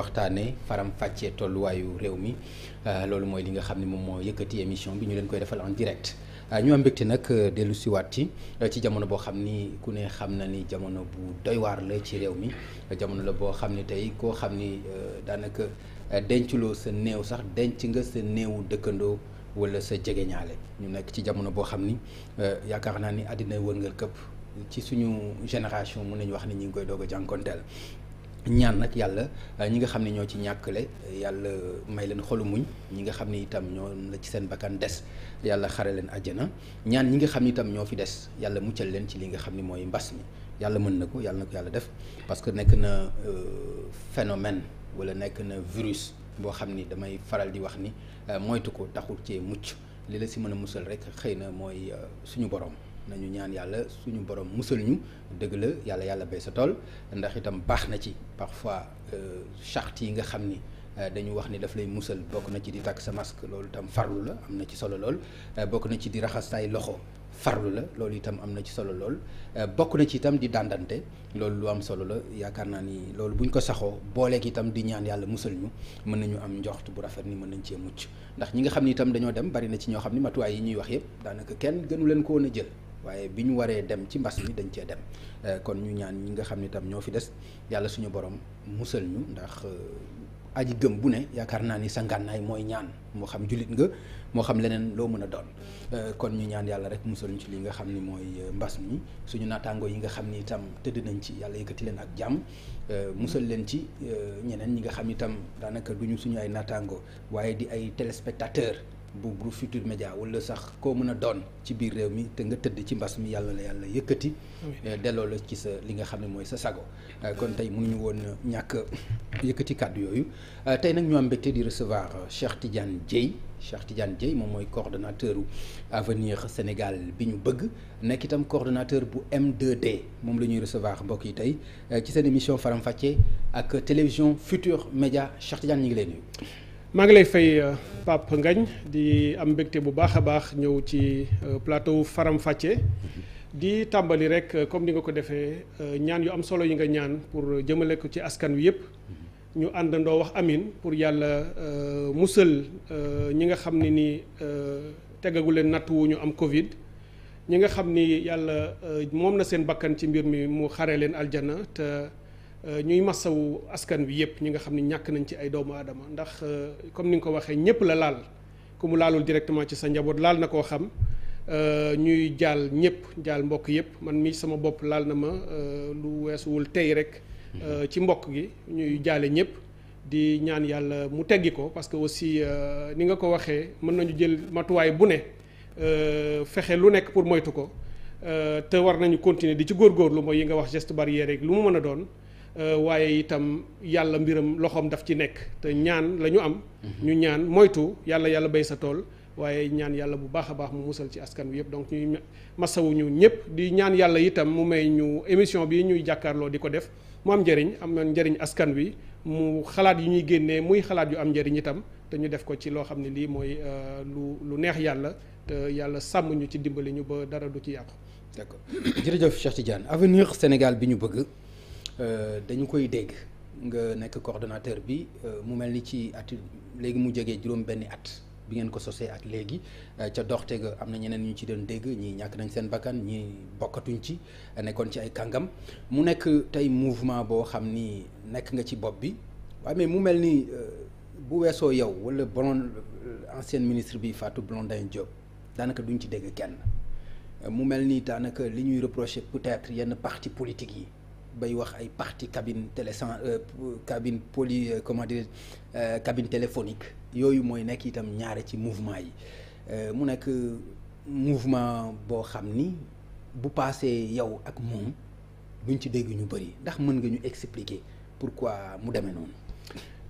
waxtaanee faram fàccee tolluwaayu réew mi euh, loolu mooy li nga xam ne moom moo yëkkati émission bi ñu leen koy defal en direct euh, ñu am mbégte nag euh, dellu siwaat ci ci jamono boo xam ni ku ne xam na ni jamono bu doy la ci réew mi jamono la boo xam ni tey koo xam ni daanaka denculoo sa néew sax denc nga sa néewu dëkkandoo wala sa jegeñaale ñu nekk ci jamono boo xam ni yaakaar naa ni àddina wërngal këpp ci suñu génération mun nañu wax ni ñu ngi koy doog a jànkonteel ñaan nag yàlla euh, ñi nga xam ne ñoo ci ñàkkale yàlla may leen xolu muñ ñi nga xam ni itam ñoo la ci seen bakkan des yàlla xare leen àjjana ñaan ñi nga xam ni itam ñoo fi des yàlla muccal leen ci li nga xam ni mooy mbas mi yàlla mën na ko yàlla yàlla def parce que nekk na euh, phénomène wala nekk na virus boo xam ni damay faral di wax ni euh, moytu ko taxul cee mucc li la si mën a musal rek xëy na mooy suñu borom. nañu ñaan yàlla suñu borom musal ñu dëgg la yàlla yàlla bay sa tool ndax itam baax na ci parfois euh, charte yi nga xam ni euh, dañu wax ni daf lay musal bokk na ci di takk sa masque loolu itam farlu la am na ci solo lool euh, bokk na ci di raxas say loxo farlu la loolu itam am na ci solo lool bokk na ci itam di dàndante loolu lu am solo la yaakaar naa ni loolu buñ ko saxoo booleeg itam di ñaan yàlla musal ñu mën nañu am njoxt bu rafet ni mën nañ cee mucc ndax ñi nga xam ni itam dañoo dem bari na ci ñoo xam ni matuwaay yi ñuy wax daanaka kenn gënu leen ko woon a jël waaye bi ñu waree dem ci mbas mi dañ cee dem euh, kon ñu ñaan ñi nga xam ni itam ñoo fi des yàlla suñu borom musal ñu ndax euh, aji gëm bu ne yaakaar naa ni sa ngànnaay mooy ñaan moo xam jullit nga moo xam leneen loo mën a doon euh, kon ñu ñaan yàlla rek musal ñu ci li nga xam ni mooy mbas mi suñu naataangoo yi nga xam ni itam tëdd nañ ci yàlla yëkkati leen ak jàmm musal leen ci ñeneen ñi nga xam ni itam daanaka duñu suñu ay naataangoo waaye di ay téléspectateur bu groupe Futur Média wala sax koo mën a doon ci biir réew mi te nga tëdd ci mbas mi yàlla la yàlla yëkkati. Eh, delloo la ci sa li nga xam ne mooy sa sago. Euh, kon tey mu mënuñu woon ñàkk yëkkati kàddu yooyu euh, tey nag ñu am mbégte di recevoir euh, Cheikh Tidiane Dieye Cheikh Tidiane Dieye moom mooy coordonnateur avenir Sénégal bi ñu bëgg nekk itam coordonnateur bu M2D moom la ñuy recevoir mbokk yi tey ci seen émission faram ak télévision Futur Média Cheikh Tidiane ñu ngi lee maa ngi lay fay euh, Pape ngañ di am mbégte bu baax a baax ñëw ci euh, plateau Faram Facce di tàmbali rek euh, comme ni nga ko defee ñaan yu am solo yi nga ñaan pour jëmale ko ci askan wi yëpp ñu àndandoo wax amin pour yàlla musal ñi nga xam ne ni tegagu leen natt wu ñu am Covid ñi nga xam ni yàlla moom na seen bakkan ci mbir mi mu xare leen aljana te. Euh, ñuy masawu askan wi yëpp ñi nga xam ne ñàkk nañ ci ay doomu aadama ndax euh, comme ni nga ko waxee ñëpp la laal ku mu laalul directement ci sa njaboot laal na koo xam euh, ñuy jaal ñëpp jaal mbokk yëpp man mi sama bopp laal na ma lu weesuwul tey rek mhm. ci mbokk gi ñuy jaale ñëpp di ñaan yàlla mu teggi ko parce que aussi ni nga ko waxee mën nañu jël matuwaay bu ne fexe lu nekk pour moytu ko te war nañu continuer di ci góorgóorlu mooy yi nga wax geste barrière rek lu mu mën a doon Euh, waaye itam yàlla mbiram loxoom daf ci nekk te ñaan la ñu am. ñu ñaan moytu yàlla yàlla bay sa tool waaye ñaan yàlla bu baax a baax mu musal ci askan wi yëpp donc ñuy masawu ñu ñëpp di ñaan yàlla itam mu may ñu émission bi ñuy jàkkaarloo di ko def mu am njëriñ am na njëriñ askan wi mu xalaat yu ñuy génnee muy xalaat yu am njëriñ itam te ñu def ko ci loo xam ne lii mooy euh, lu lu neex yàlla te yàlla sàmm ñu ci dimbali ñu ba dara du ci yàqu. d'accord jërëjëf Cheikh Tidiane avenir Sénégal bi ñu bëgg. Euh, dañu koy dégg nga nekk coordinateur bi euh, mu mel ni ci at léegi mu jegee juróom benni at bi ngeen ko sosee ak léegi euh, ca doxte ga am na ñeneen ñu ci doon dégg ñi ñàkk nañ seen bakkan ñi bokkatuñ ci nekkoon ci ay kàngam mu nekk tey mouvement boo xam ni nekk nga ci bopp bi waaye mais mu mel ni bu weesoo yow wala bon ancien ministre bi Fatou Blondin Diop daanaka duñ ci dégg kenn mu mel ni daanaka li ñuy reprocher peut-être yenn parti politique yi bay wax ay partie cabine télé sans euh, cabine poli euh, comment dire euh, cabine téléphonique yooyu mooy nekk itam ñaare ci mouvement yi mu nekk mouvement boo xam ni bu paasee yow ak moom buñ ci dégg ñu bëri ndax mën nga ñu pour pourquoi mu demee noonu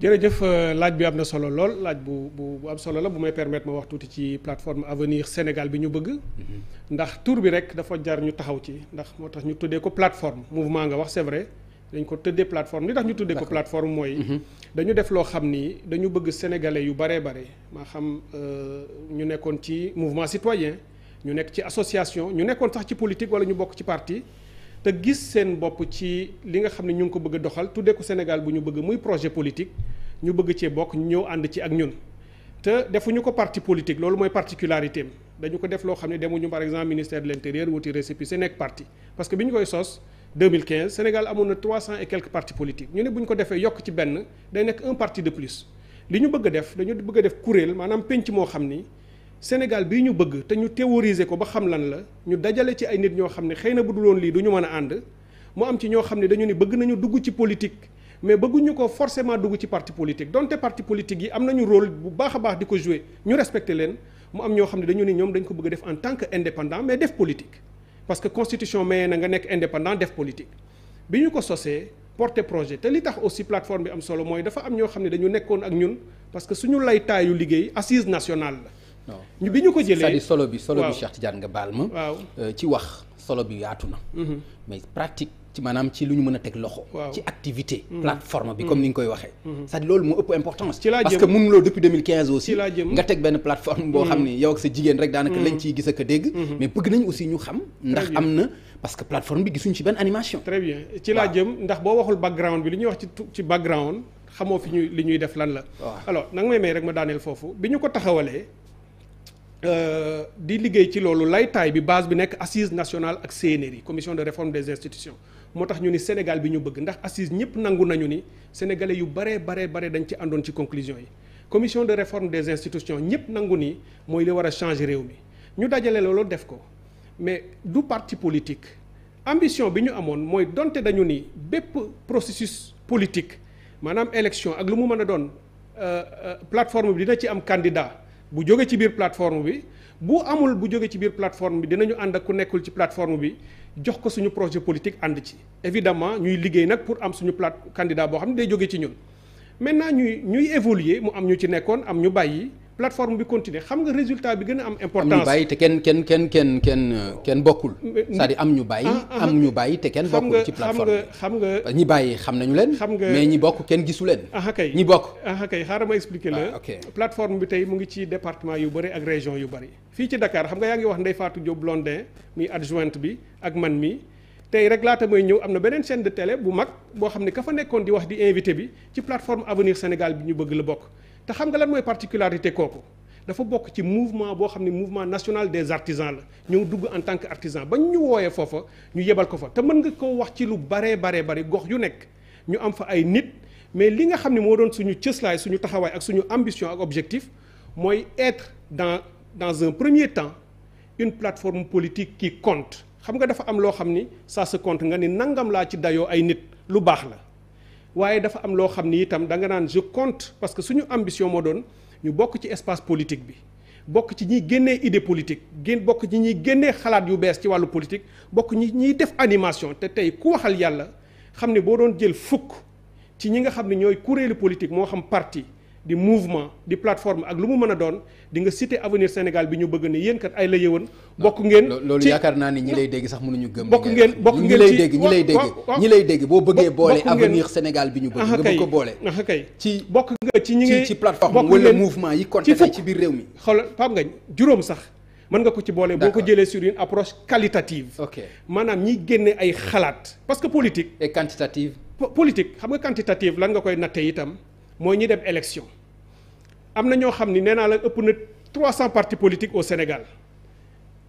jërëjëf euh, laaj bi am na solo lool laaj bu bu am solo la bu may permettre ma wax tuuti ci plateforme avenir Sénégal bi ñu bëgg. Mhm. ndax tur bi rek dafa jar ñu taxaw ci ndax moo tax ñu tuddee ko plateforme mouvement nga wax c'est vrai dañ ko tëddee plateforme li tax ñu tuddee ko plateforme mooy. Mhm. dañu def loo xam ni dañu bëgg sénégalais yu baree bare maa xam euh, ñu nekkoon ci mouvement citoyen ñu nekk ci association ñu nekkoon sax ci politique wala ñu bokk ci parti. te gis seen bopp ci li nga xam ne ñu ngi ko bëgg doxal tuddee ko Sénégal bu ñu bëgg muy projet politique ñu bëgg cee bokk ñëw ànd ci ak ñun. te defuñu ko parti politique loolu mooy particularité am dañu ko def loo xam ne demuñu par exemple ministère de l' intérieur wuti récépissé nekk parti parce que bi ñu koy sos. 2015 Sénégal amoon na 300 et quelques partis politiques ñu ne bu ñu ko defee yokk ci benn day nekk un parti de plus li ñu bëgg def dañu bëgg a def kuréel penc moo xam ni Sénégal bii ñu bëgg te ñu théoriser ko ba xam lan la ñu dajale ci ay nit ñoo xam ne xëy na bu dul woon lii du ñu mën a ànd mu am ci ñoo xam ne dañu ne bëgg nañu dugg ci politique mais bëgguñu ko forcément dugg ci parti politique donte parti politique yi am nañu role bu baax a baax di ko jouer ñu respecté leen mu am ñoo xam ne dañu ne ñoom dañ ko bëgg a def en tant que indépendant mais def politique parce que constitution mayee na nga nekk indépendant def politique bi ñu ko sosee porter projet te li tax am solo mooy dafa am ñoo xam ne dañu nekkoon ak ñun parce que suñu laytaayu liggéey assise nationale la ñu bi ñu ko jëlee cest à solo bi solo bi Cheikh nga baal ma. waaw euh, ci wax solo bi yaatu na. Mm-hmm. mais pratique ci maanaam ci lu ñu mën a teg loxo. ci activité. Mm-hmm. plateforme bi comme ni nga mm-hmm. koy waxee. cest à loolu moo ëpp importance. ci laa jëm parce que mënuloo depuis 2015 aussi. nga teg benn plateforme boo xam ni yow ak sa jigéen rek daanaka lañ a dégg. mais bëgg ndax bi gisuñ ci benn animation. très bien ci ndax boo waxul background bi li ñuy wax ci ci background xamoo fi ñuy li ñuy def lan la. alors nag may may rek ma daaneel foofu bi ñu ko taxawalee Euh, di liggéey ci loolu laytaay bi base bi nekk assise nationale ak CNRI commission de réforme des institutions moo tax ñu ni Sénégal bi ñu bëgg ndax assise ñëpp nangu nañu ni sénégalais yu baree baree bare dañ ci àndoon ci conclusion yi commission de réforme des institutions ñëpp nangu ni mooy li wara a changer réew mi ñu dajale loolu def ko mais du parti politique ambition bi ñu amoon mooy donte dañu ni bépp processus politique maanaam élection ak lu mu mën a doon euh, euh, plateforme bi ci am candidat bu jóge ci biir plateforme bi bu amul bu jóge ci biir plateforme bi dinañu ànd ak ku nekkul ci plateforme bi jox ko suñu projet politique ànd ci évidemment ñuy liggéey nag pour am suñu plat candidat boo xam ne day jógee ci ñun maintenant ñuy ñuy évoluer mu am ñu ci nekkoon am ñu bàyyi plateforme bi continuer xam nga résultat bi am importance am kenn kenn kenn kenn kenn kenn bokkul cest à am ñu bàyyi ah, ah, am ñu bàyyi te kenn bokkul ci plateforme xam nga ñi bàyyi xam nañu leen xam nga ñi bokk kenn gisu leen ah ñi bokk ah kay xaaral ma expliquer ah, bi tey mu ngi ci département yu bari ak région yu bëri fii ci dakaar xam nga yaa ngi wax Ndeye faatu Diop Blondin mi adjointe bi ak man mi tey rek laata may ñëw am na beneen chaîne de télé bu mag boo xam ne ka fa nekkoon di wax di invité bi ci plateforme Avenir Sénégal bi ñu bëgg la bokk te xam nga lan mooy particularité kooku dafa bokk ci mouvement boo xam ne mouvement national des artisans la ñëw dugg en tant que artisan ba ñu wooyee foofa ñu yebal ko fa te mën nga ko wax ci lu baree baree bari gox yu nekk ñu am fa ay nit mais li nga xam ne moo doon suñu cëslaay suñu taxawaay ak suñu ambition ak objectif mooy être dans dans un premier temps une plateforme politique qui compte xam nga dafa am loo xam ni ça se compte nga ni nangam laa ci dayoo ay nit lu baax la waaye dafa am loo xam ni itam da nga naan je compte parce que suñu ambition moo doon ñu bokk ci espace politique bi bokk ci ñiy génnee idée politique génn bokk ci ñiy génnee xalaat yu bees ci wàllu politique bokk ñi ñiy def animation te tey ku waxal yàlla xam ne boo doon jël fukk ci ñi nga xam ne ñooy kuréelu politique moo xam parti di mouvement di plateforme ak lu mu mën a doon di nga cité avenir Sénégal bi ñu bëgg ni yéen kat ay la yëwoon ah, bokk ngeen loolu yaakaar naa ni ñi lay dégg sax mënuñu gëm bokk ngeen bokk ngeen ñi lay dégg ñi lay lay dégg boo bëggee boole avenir Sénégal bi ñu bëgg nga bëgg ko boole aha kay ci bokk nga ci ñi ngi ci plateforme wala mouvement yi compté tey ci biir réew mi xoolal Pape Ngagne juróom sax mën nga ko ci boole boo ko jëlee sur une approche qualitative ok maanaam ñiy génne ay xalaat parce que politique quantitative politique xam nga quantitative lan nga koy natte itam mooy ñi dem élection am na ñoo xam ni nee naa la ëpp na trois 300 partis politiques au Sénégal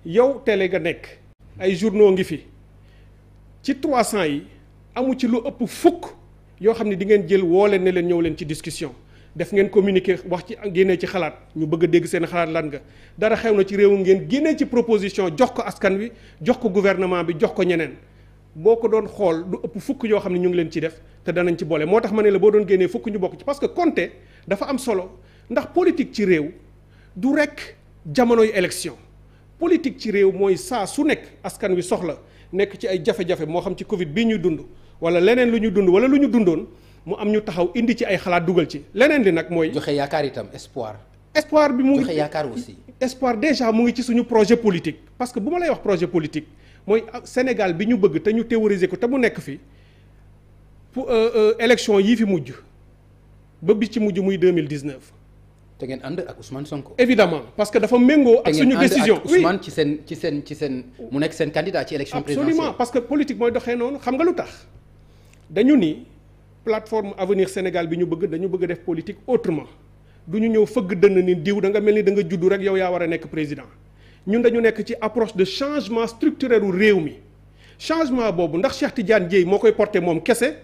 yow télé nga nekk ay journaux ngi fi ci 300 yi amu ci lu ëpp fukk yoo xam ne di ngeen jël woo leen ne leen ñëw leen ci discussion def ngeen communiqué wax ci génnee ci xalaat ñu bëgg a dégg seen xalaat lan nga dara xew na ci réew ngeen génnee ci proposition jox ko askan wi jox ko gouvernement bi jox ko ñeneen. boo ko doon xool du ëpp fukk yoo xam ne ñu ngi leen ci def te danañ ci boole moo tax ma ne la boo doon génnee fukk ñu bokk ci parce que dafa am solo ndax politique ci réew du rekk jamonoy élection politique ci réew mooy saa su nekk askan wi soxla nekk ci ay jafe-jafe moo xam ci Covid bii ñuy dund walla leneen lu ñu dund walla lu ñu dundoon mu am ñu taxaw indi ci ay xalaat dugal ci leneen li nag mooy. joxe yaakaar itam espoir. espoir bi mu ngi joxe yaakaar aussi. espoir déjà mu ngi ci suñu projet politique parce que bu ma lay wax projet politique. mooy Sénégal bi ñu bëgg te ñu téorisé ko te mu nekk fi pour euh, euh, élection yii fi mujj ba bi ci mujj muy 2019. te ngeen ànd ak Ousmane Sonko. évidemment parce que dafa méngoo ak suñu décision te ngeen ci seen ci seen ci seen mu nekk seen candidat ci élection présidentielle. parce que politique mooy doxee noonu xam nga lu tax dañu ni plateforme avenir Sénégal bi ñu bëgg dañu bëgg def politique autrement du ñu ñëw fëgg dënn ni diw da nga mel ni da nga juddu rek yow yaa war a nekk président. ñun dañu nekk ci approche de changement structurel u réew mi changement boobu ndax Cheikh Tidiane Dièye moo koy porté moom kese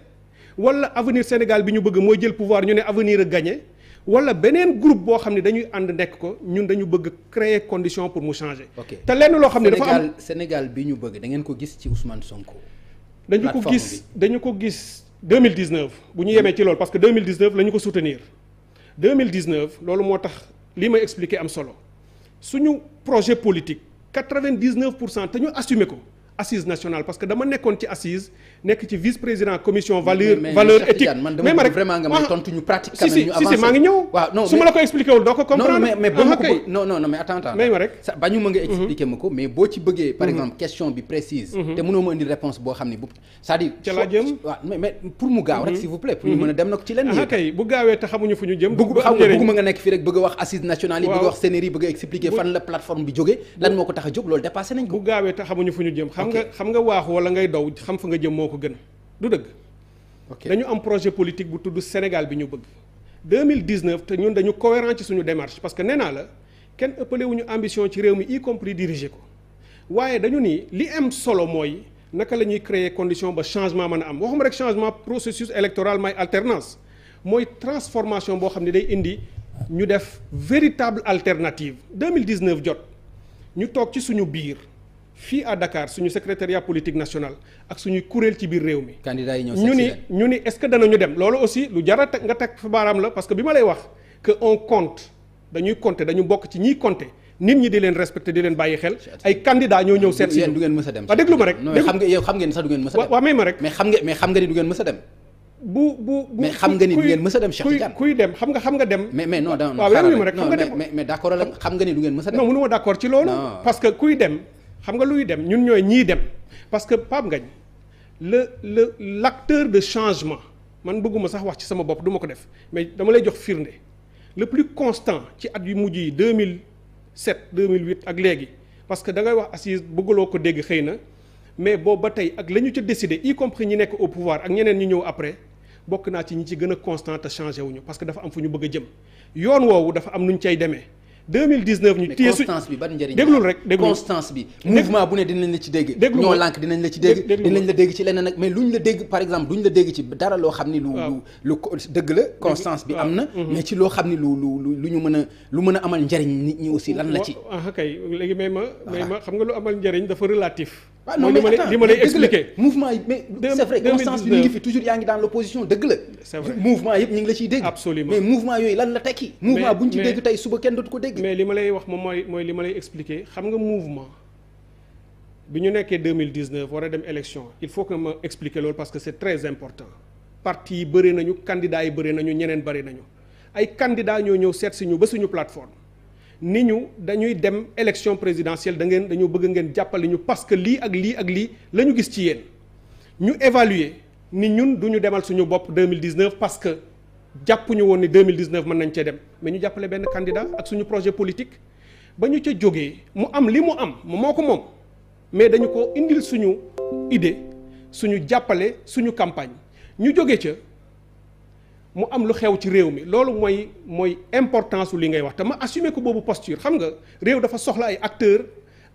wala avenir Sénégal bi ñu bëgg mooy jël pouvoir ñu ne avenir a gagné wala beneen groupe boo xam ne dañuy ànd nekk ko ñun dañu bëgg créer condition pour mu changer. te lenn loo xam ne dafa am Sénégal bi ñu bëgg da ngeen ko gis ci Ousmane Sonko. dañu ko gis dañu ko gis 2019 bu ñu yemee ci lool parce que 2019 la ñu ko soutenir 2019 loolu moo tax lii may expliquer am solo projet politique quatre-vingt-dix-neuf pour cent te ñu assumer ko parce que dama nekkoon ci assise nekk ci vice président commission valeur mais ma rek vraiment nga ko expliqué rek ba ñu ma nga mhm. expliqué ma ko mais boo ci bëggee par mhm. exemple question bi précise mhm. te mënoo ma indi réponse boo xam ne bu cest à ca laa jëm waaw mais mais pour mu gaaw rek s'il vous plaît pour ñu mën a dem na ko ci leen ah bu gaawee te xamuñu fu ñu jëm bëgg xam nga bëgguma nga nekk fii rek bëgg wax assise nationale yi bëgg wax sénéri bëgg xam nga xam nga waaxu wala ngay daw xam fa nga jëm moo ko gën du dëgg dañu am projet politique bu tudd Sénégal bi ñu bëgg 2019 te ñun dañu cohérent ci suñu démarche parce que nee naa la kenn ëppale wu ñu ambition ci réew mi y compris diriger ko waaye dañu ni li am solo mooy naka la ñuy créer condition ba changement mën a am waxuma rek changement processus électoral may alternance mooy transformation boo xam ne day indi ñu def véritable alternative 2019 jot ñu toog ci suñu biir fii à Dakar suñu secrétariat politique national ak suñuy kuréel ci biir réew mi. candidats yi ñëw ñu ni ñu dem loolu aussi lu jar a teg nga teg fa baaraam la parce que bi ma lay wax que on compte dañuy compter dañu bokk ci ñiy compter. nit ñi di leen respecté di leen bàyyi xel ay candidats ñoo ñëw seet si du du ngeen mës dem waaw du ngeen mës dem bu bu bu xam nga ni du ngeen mës dem Cheikh Tidiane kuy dem xam nga xam nga dem mais mais ma rek xam nga dem xam nga luy dem ñun ñooy ñii dem parce que Pape Ngagne le le l'acteur de changement man bëgguma sax wax ci sama bopp duma ko def mais dama lay jox firnde le plus constant ci at yu mujj yi 2007 2008 ak léegi parce que da ngay wax assise bëggaloo ko dégg xëy na mais boobu ba tey ak la ñu ca décidé y compris ñi nekk au pouvoir ak ñeneen ñu ñëw après bokk naa ci ñi ci gën a constant te wuñu parce que dafa am fu ñu bëgg a jëm yoon woowu dafa am nu ñu cay demee 2019 ñu téye su constance bi ban njëriñ déglul rek déglu constance bi mouvement bu ne dinañ la ci dégg ñoo lànk dinañ la ci dégg dinañ la dégg ci leneen nag mais luñ la dégg par exemple duñ la dégg ci dara loo xam ni lu lu lu dëgg la constance bi am na mhm. mais ci loo xam ni lu lu ñu mën a lu mën a amal njëriñ nit ñi aussi lan la ci ah kay léegi may ma may ma xam nga lu amal njëriñ dafa relatif waaw ah, non mais attends li ma lay expliquer mouvement yi mais c'est vrai constance bi ñu ngi fi toujours yaa ngi dans l'opposition dëgg la c'est vrai mouvement yëpp ñu ngi la ciy dégg yooyu lan la tekki mouvement bu ñu ci dégg tey suba kenn dootu ko dégg mais li ma lay wax moom mooy li ma lay expliquer xam nga mouvement bi ñu nekkee 2019 war a dem élection il faut que ma expliquer loolu parce que c'est très important parti yi bëri nañu candidats yi bëri nañu ñeneen bëri nañu ay candidats ñoo ñëw seet si ba suñu plateforme ni ñu dañuy dem élection présidentielle da ngeen dañoo bëgg ngeen jàppale ñu parce que lii ak lii ak lii la ñu gis ci yéen ñu évaluer ni ñun duñu demal suñu bopp 2019 parce que jàppuñu woon ni 2019 mën nañ cee dem mais ñu jàppale benn candidat ak suñu projet politique ba ñu ca jógee mu am li mu am moo ko moom mais dañu ko indil suñu idée suñu jàppale suñu campagne ñu jóge ca mu am lu xew ci réew mi loolu mooy mooy importance su li ngay wax tama ma ko boobu posture xam nga réew dafa soxla ay acteur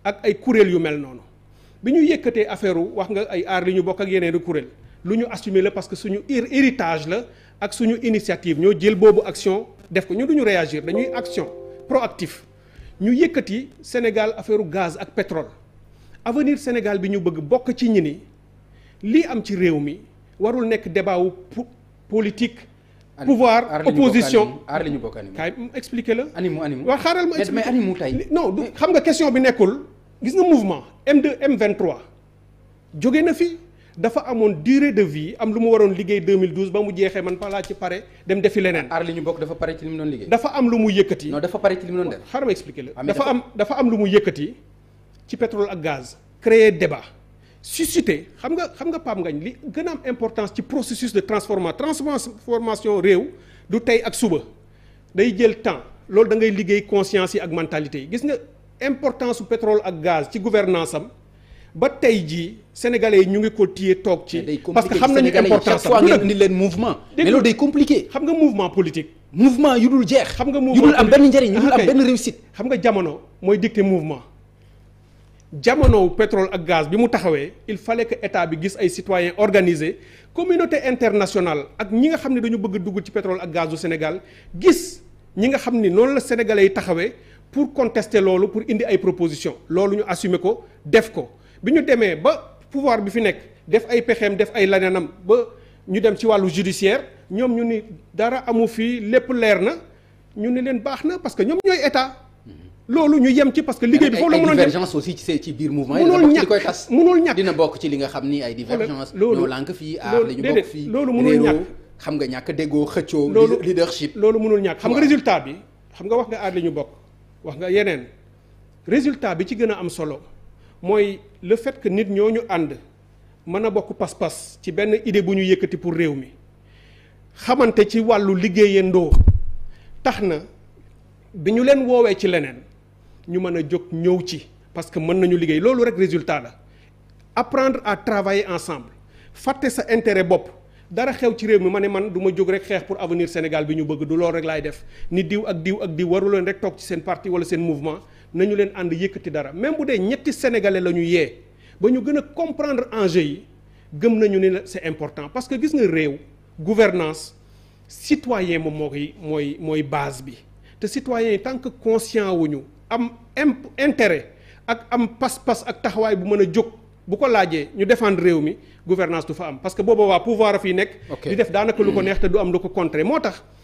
ak ay kuréel yu mel noonu bi ñu yëkkatee affaire u wax nga ay aar li ñu bokk ak yeneen kuréel lu ñu assumer la parce que suñu héritage la ak suñu initiative ñoo jël boobu action def ko ñu duñu réagir dañuy action proactif ñu yëkkati Sénégal affaire gaz ak pétrole avenir Sénégal bi ñu bëgg bokk ci ñi ni lii am ci réew mi warul nekk débat wu politique pouvoir opposition aar li ñu bokk animé kaay expliquer la. animu animu waaw xaaral ma expliquer mais animu tey non du xam nga question bi nekkul gis nga mouvement M2 M23 jóge na fi dafa amoon durée de vie am lu mu waroon liggéey 2012 ba mu jeexee man fa laa ci pare dem defi leneen. aar ñu bokk dafa pare ci li mu doon liggéey. dafa am lu mu yëkkati. non dafa pare ci li mu doon def. xaaral ma expliquer la ah, dafa am dafa am lu mu yëkkati ci pétrole ak gaz. créer débat. suscité xam nga xam nga Pape Ngagne li gën a am importance ci processus de transformation transformation réew du tey ak suba day jël temps loolu da ngay liggéey conscience yi ak mentalité yi gis nga importance su pétrole ak gaz ci gouvernance am ba tey jii sénégalais yi ñu ngi ko téye toog ci. parce que xam nañu importance am nga indi leen mouvement. mais loolu day compliqué. xam nga mouvement politique. mouvement yu dul jeex. xam nga mouvement yu dul am benn njëriñ yu ah, xam nga jamono mooy dicté mouvement. jamono pétrole ak gaz bi mu taxawee il fa que état bi gis ay citoyens organisés communauté internationale ak ñi nga xam ne dañu bëgg dugg ci pétrole ak gaz du Sénégal gis ñi nga xam ni noonu la sénégalais yi taxawee pour contester loolu pour indi ay proposition loolu ñu assumer ko def ko bi ñu demee ba pouvoir bi fi nekk def ay pexeem def ay lanenam ba ñu dem ci wàllu judiciaire ñoom ñu ni dara amu fii lépp leer na ñu ni leen baax na parce que ñoom ñooy état. loolu ñu yem ci parce que liggéey bi foofu la mënoon divergence aussi ci ci biir mouvement yi mënul ñàkk mënul ñàkk dina bokk ci li nga xam ni ay lànk fii aar fii loolu mënul ñàkk xam nga ñàkk déggoo xëccoo loolu leadership loolu mënul ñàkk xam nga résultat bi xam nga wax nga aar li ñu bokk wax nga yeneen résultat bi ci gën a am solo mooy le fait que nit ñoo ñu ànd mën a bokk pas-pas ci benn idée bu ñu yëkkati pour réew mi xamante ci wàllu liggéeyandoo tax na bi ñu leen woowee ci leneen ñu mën a jóg ñëw ci parce que mën nañu liggéey loolu rek résultat la apprendre à travailler ensemble fàtte sa intérêt bopp dara xew ci réew mi ma ne man duma ma jóg rek xeex pour avenir Sénégal bi ñu bëgg du lool rek laay def ni diw ak diw ak diw waru rek toog ci seen partie wala seen mouvement nañu leen ànd yëkkati dara même bu dee ñetti sénégalais la ñu yee ba ñu gën a comprendre enjeu yi gëm nañu ni la c'est important parce que gis nga réew gouvernance citoyen moom moo mooy mooy base bi te citoyen yi tant que conscient wuñu am imp intérêt ak am pas-pas ak taxawaay bu mën a jóg bu ko laajee ñu défendre réew mi gouvernance du fa am parce que booba waa pouvoir a fii nekk di def daanaka lu ko hmm. neex te du am lu ko contrer moo tax